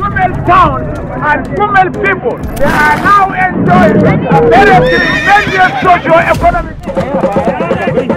Kumel town and Kumel people, they are now enjoying a very tremendous socio-economic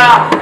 Para!